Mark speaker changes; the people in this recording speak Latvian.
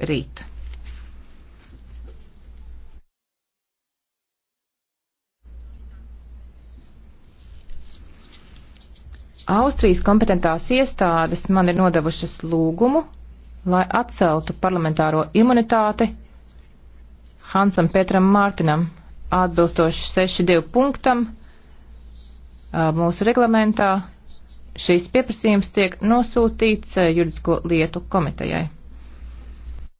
Speaker 1: rīt.
Speaker 2: Austrijas kompetentās iestādes man ir nodevušas lūgumu, lai atceltu parlamentāro imunitāti Hansam Petram Mārtinam atbilstoši 6.2 punktam mūsu reglamentā. Šīs pieprasījums tiek nosūtīts juridisko lietu komitejai.